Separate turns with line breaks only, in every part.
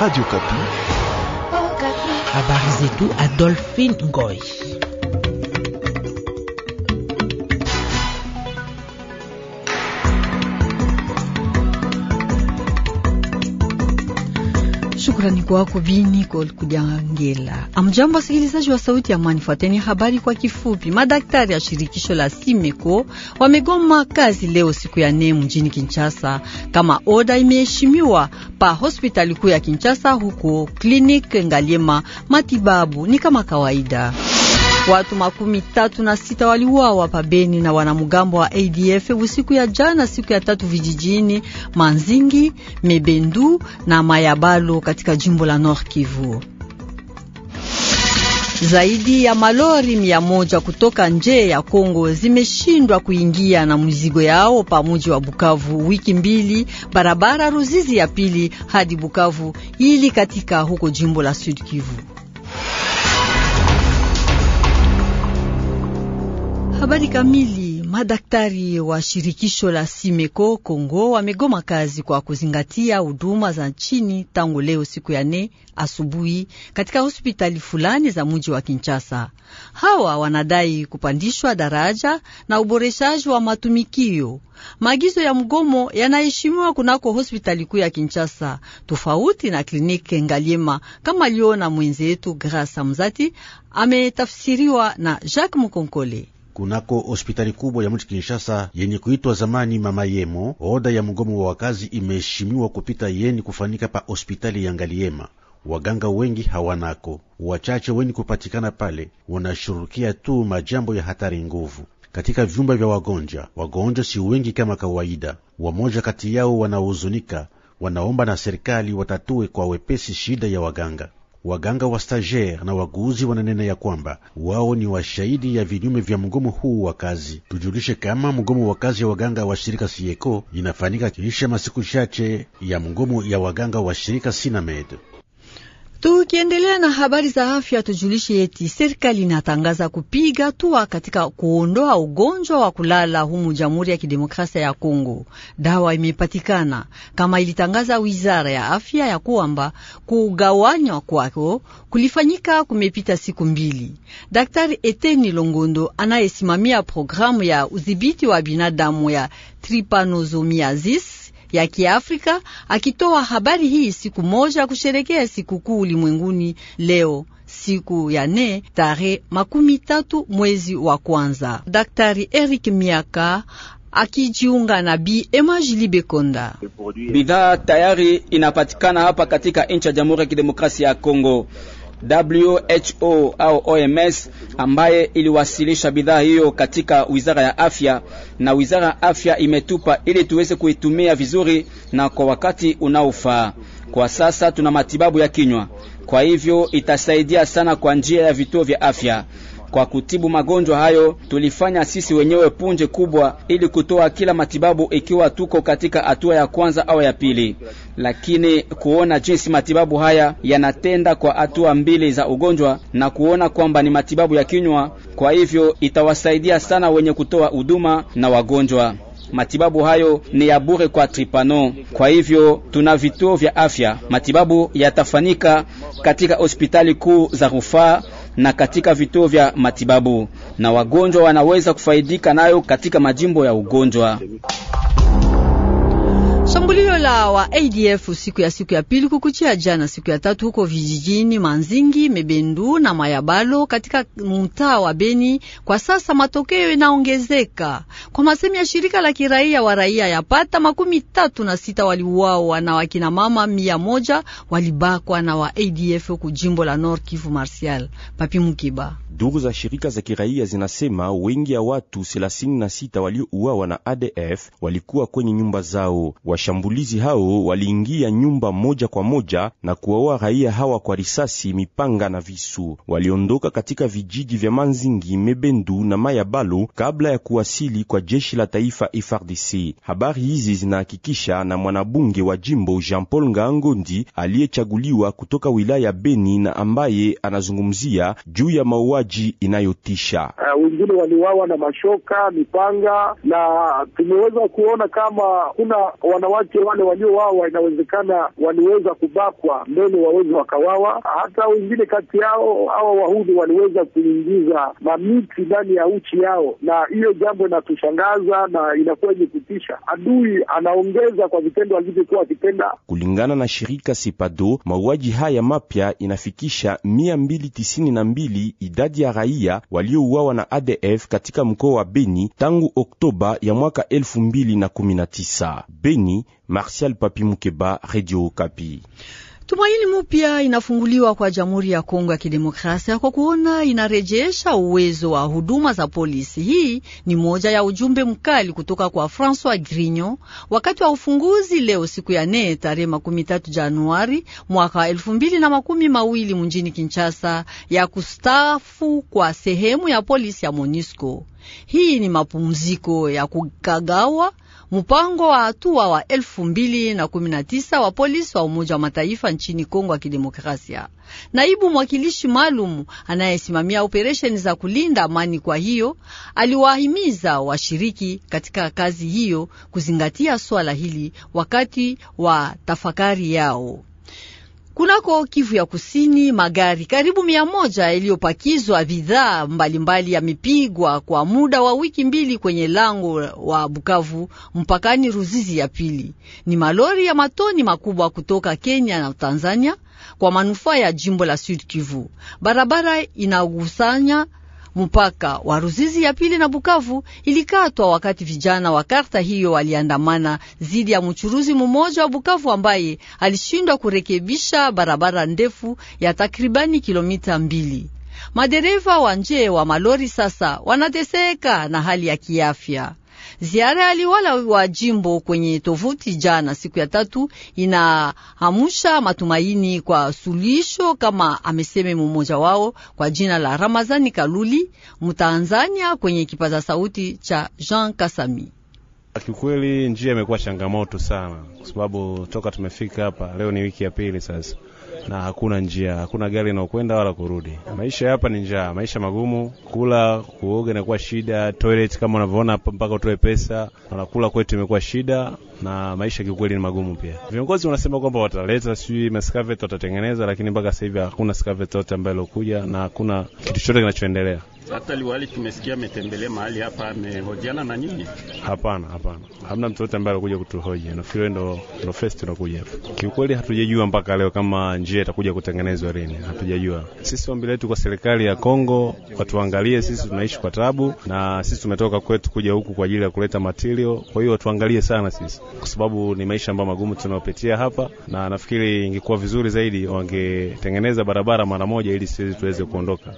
Radio Kapi. Habari zetu Adolphine Ngoy.
shukrani kwako Bini Kujangela. Amjambo wasikilizaji wa Sauti ya Amani, fuateni habari kwa kifupi. Madaktari ya shirikisho la Simeko wamegoma kazi leo siku ya nne mjini Kinshasa, kama oda imeheshimiwa pa hospitali kuu ya Kinshasa, huko Klinik Ngaliema matibabu ni kama kawaida. Watu makumi tatu na sita waliuawa pabeni na wanamgambo wa ADF usiku ya jana, siku ya tatu, vijijini Manzingi, Mebendu na Mayabalo katika jimbo la North Kivu. Zaidi ya malori mia moja kutoka nje ya Kongo zimeshindwa kuingia na mzigo yao pa muji wa Bukavu wiki mbili, barabara Ruzizi ya pili hadi Bukavu ili katika huko jimbo la Sud Kivu. Habari kamili. Madaktari wa shirikisho la Simeko Kongo wamegoma kazi kwa kuzingatia huduma za nchini tangu leo siku ya nne asubuhi katika hospitali fulani za mji wa Kinshasa. Hawa wanadai kupandishwa daraja na uboreshaji wa matumikio. Maagizo ya mgomo yanaheshimiwa kunako hospitali kuu ya Kinshasa, tofauti na kliniki Ngaliema, kama aliona mwenzetu Grasa Mzati, ametafsiriwa na Jacques Mukonkole kunako hospitali kubwa ya mji Kinshasa
yenye kuitwa zamani Mama Yemo. Oda ya mgomo wa wakazi imeheshimiwa kupita yeni kufanika pa hospitali ya Ngaliema. Waganga wengi hawanako, wachache weni kupatikana pale wanashurukia tu majambo ya hatari nguvu katika vyumba vya wagonjwa. Wagonjwa si wengi kama kawaida, wamoja kati yao wanahuzunika, wanaomba na serikali watatue kwa wepesi shida ya waganga. Waganga wa stagiaire na waguzi wananena ya kwamba wao ni washahidi ya vinyume vya mgomo huu wa kazi. Tujulishe kama mgomo wa kazi ya waganga wa shirika Sieko inafanyika kisha masiku chache ya mgomo ya waganga wa shirika Sinamed.
Tukiendelea na habari za afya, tujulishe eti serikali inatangaza kupiga hatua katika kuondoa ugonjwa wa kulala humu Jamhuri ya Kidemokrasia ya Kongo. Dawa imepatikana kama ilitangaza wizara ya afya ya kwamba kugawanywa kwako kulifanyika kumepita siku mbili. Daktari Eteni Longondo anayesimamia programu ya udhibiti wa binadamu ya tripanozomiazis ya Kiafrika akitoa habari hii siku moja ya kusherekea sikukuu ulimwenguni leo siku ya ne tarehe makumi tatu mwezi wa kwanza. Daktari Eric Miaka akijiunga na Bi Emajili Bekonda.
Bidhaa tayari inapatikana hapa katika nchi ya Jamhuri ya Kidemokrasia ya Kongo. WHO au OMS ambaye iliwasilisha bidhaa hiyo katika wizara ya afya, na wizara ya afya imetupa ili tuweze kuitumia vizuri na kwa wakati unaofaa. Kwa sasa tuna matibabu ya kinywa, kwa hivyo itasaidia sana kwa njia ya vituo vya afya. Kwa kutibu magonjwa hayo, tulifanya sisi wenyewe punje kubwa ili kutoa kila matibabu, ikiwa tuko katika hatua ya kwanza au ya pili, lakini kuona jinsi matibabu haya yanatenda kwa hatua mbili za ugonjwa na kuona kwamba ni matibabu ya kinywa, kwa hivyo itawasaidia sana wenye kutoa huduma na wagonjwa. Matibabu hayo ni ya bure kwa Tripano. Kwa hivyo tuna vituo vya afya, matibabu yatafanyika katika hospitali kuu za rufaa na katika vituo vya matibabu, na wagonjwa wanaweza kufaidika nayo katika majimbo ya ugonjwa.
Shambulio la wa ADF siku ya siku ya pili kukuchia jana siku ya tatu huko vijijini Manzingi, Mebendu na Mayabalo katika mtaa wa Beni. Kwa sasa matokeo inaongezeka. Kwa masemi ya shirika la kiraia wa raia, yapata makumi tatu na sita waliuawa na wakina mama mia moja walibakwa na wa ADF huko jimbo la Nord Kivu. Martial Papi Mukiba.
Duru za shirika za kiraia zinasema wengi ya watu 36 waliouawa na ADF walikuwa kwenye nyumba zao wa Washambulizi hao waliingia nyumba moja kwa moja na kuwaua raia hawa kwa risasi, mipanga na visu. Waliondoka katika vijiji vya Manzingi, Mebendu na Mayabalo kabla ya kuwasili kwa jeshi la taifa FARDC. Habari hizi zinahakikisha na mwanabunge wa jimbo Jean Paul Ngaangondi aliyechaguliwa kutoka wilaya Beni na ambaye anazungumzia juu ya mauaji inayotisha.
Uh, wengine waliwawa na mashoka, mipanga na tumeweza kuona kama kuna wana wanawake wale waliowawa inawezekana waliweza kubakwa mbele waweze wakawawa. Hata wengine kati yao hawa wahudi waliweza kuingiza mamiti ndani ya uchi yao, na hiyo jambo inatushangaza na inakuwa yenye kutisha. Adui anaongeza kwa vitendo alivyokuwa akitenda.
Kulingana na shirika Sepado, mauaji haya mapya inafikisha mia mbili tisini na mbili idadi ya raia waliouawa na ADF katika mkoa wa Beni tangu Oktoba ya mwaka elfu mbili na kumi na tisa. Beni Martial Papi Mukeba, Radio Kapi.
Tumaini mupya inafunguliwa kwa Jamhuri ya Kongo ya Kidemokrasia kwa kuona inarejesha uwezo wa huduma za polisi. Hii ni moja ya ujumbe mkali kutoka kwa Francois Grigno wakati wa ufunguzi leo siku ya nne tarehe makumi tatu Januari mwaka wa elfu mbili na makumi mawili mjini Kinshasa ya kustaafu kwa sehemu ya polisi ya MONUSCO. Hii ni mapumziko ya kukagawa mpango wa hatua wa elfu mbili na kumi na tisa wa polisi wa Umoja wa Mataifa nchini Kongo ya Kidemokrasia. Naibu mwakilishi maalum anayesimamia operesheni za kulinda amani, kwa hiyo aliwahimiza washiriki katika kazi hiyo kuzingatia swala hili wakati wa tafakari yao. Kunako Kivu ya Kusini, magari karibu mia moja yaliyopakizwa bidhaa mbalimbali yamepigwa kwa muda wa wiki mbili kwenye lango wa Bukavu mpakani Ruzizi ya pili. Ni malori ya matoni makubwa kutoka Kenya na Tanzania kwa manufaa ya jimbo la Sud Kivu. Barabara inagusanya mpaka wa Ruzizi ya pili na Bukavu ilikatwa wakati vijana wa karta hiyo waliandamana zidi ya mchuruzi mmoja wa Bukavu ambaye alishindwa kurekebisha barabara ndefu ya takribani kilomita mbili. Madereva wa nje wa malori sasa wanateseka na hali ya kiafya. Ziara ya liwala wa jimbo kwenye tovuti jana siku ya tatu inahamusha matumaini kwa suluhisho, kama ameseme mmoja wao kwa jina la Ramazani Kaluli, Mtanzania, kwenye kipaza sauti cha Jean Kasami.
Kiukweli njia imekuwa changamoto sana, kwa sababu toka tumefika hapa leo ni wiki ya pili sasa, na hakuna njia, hakuna gari inayokwenda wala kurudi. Maisha hapa ni njaa, maisha magumu, kula kuoga inakuwa shida, toilet kama unavyoona hapa mpaka utoe pesa, na kula kwetu imekuwa shida, na maisha kiukweli ni magumu pia. Viongozi wanasema kwamba wataleta sijui maskavet watatengeneza, lakini mpaka sasa hivi hakuna skavet yote ambayo ilokuja na hakuna kitu chochote kinachoendelea. Hata liwali tumesikia ametembelea mahali hapa, amehojiana na nyinyi? Hapana, hapana, hamna mtu yote ambaye alikuja kutuhoji. Nafikiri ndo ndo first tunakuja hapa. Kiukweli hatujajua mpaka leo kama njia itakuja kutengenezwa lini, hatujajua. Sisi ombi letu kwa serikali ya Kongo watuangalie sisi, tunaishi kwa tabu na sisi tumetoka kwetu kuja huku kwa ajili ya kuleta material. Kwa hiyo watuangalie sana sisi, kwa sababu ni maisha ambayo magumu tunayopitia hapa, na nafikiri ingekuwa vizuri zaidi wangetengeneza barabara mara moja, ili sisi tuweze kuondoka.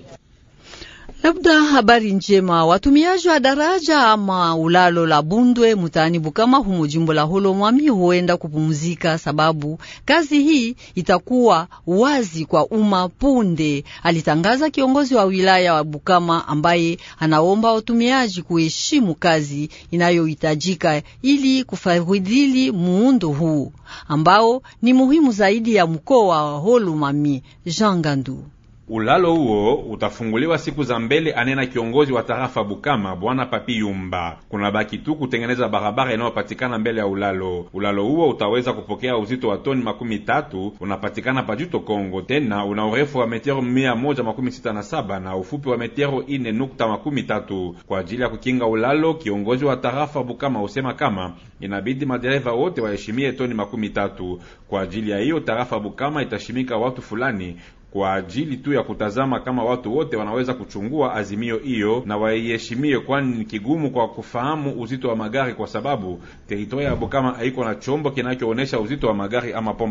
Labda habari njema, watumiaji wa daraja ama ulalo la Bundwe mutaani Bukama humo jimbo la Holomwami huenda kupumzika, sababu kazi hii itakuwa wazi kwa umma punde, alitangaza kiongozi wa wilaya wa Bukama, ambaye anaomba watumiaji kuheshimu kazi inayohitajika ili kufadhili muundo huu ambao ni muhimu zaidi ya mkoa wa Holomwami. Jean Gandu
Ulalo huo utafunguliwa siku za mbele, anena kiongozi wa tarafa Bukama Bwana Papi Yumba. Kuna baki tu kutengeneza barabara inayopatikana mbele ya ulalo. Ulalo huo utaweza kupokea uzito wa toni makumi tatu, unapatikana pa Juto Kongo. Tena una urefu wa metero mia moja makumi sita na saba na ufupi wa metero ine nukta makumi tatu. Kwa ajili ya kukinga ulalo, kiongozi wa tarafa Bukama usema kama inabidi madereva wote waheshimie toni makumi tatu. Kwa ajili ya hiyo, tarafa Bukama itashimika watu fulani kwa ajili tu ya kutazama kama watu wote wanaweza kuchungua azimio hiyo na waiheshimie, kwani ni kigumu kwa kufahamu uzito wa magari, kwa sababu teritoria ya Bukama haiko na chombo kinachoonyesha uzito wa magari ama pont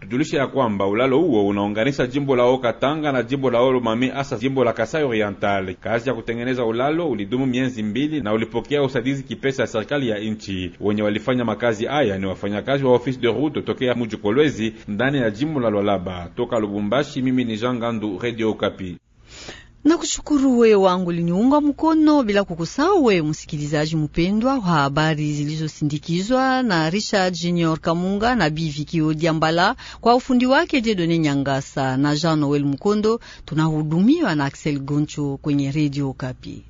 Tujulishe ya kwamba ulalo huo unaunganisha jimbo la Okatanga na jimbo la Olomami, hasa jimbo la Kasai Oriental. Kazi ya kutengeneza ulalo ulidumu miezi mbili na ulipokea usaidizi kipesa ya serikali ya nchi. Wenye walifanya makazi haya ni wafanyakazi wa ofisi de route tokea mji Kolwezi ndani ya jimbo la Lwalaba toka Lubumbashi nasi mimi ni Jean Gandu, Radio Kapi.
kushukuru wewe wangu liniunga mkono bila kukusahau wewe msikilizaji mpendwa wa habari zilizosindikizwa na Richard Junior Kamunga na Bivikio Diambala kwa ufundi wake Jedone Nyangasa na Jean Noel Mkondo. Tunahudumiwa na Axel Goncho kwenye Radio Kapi.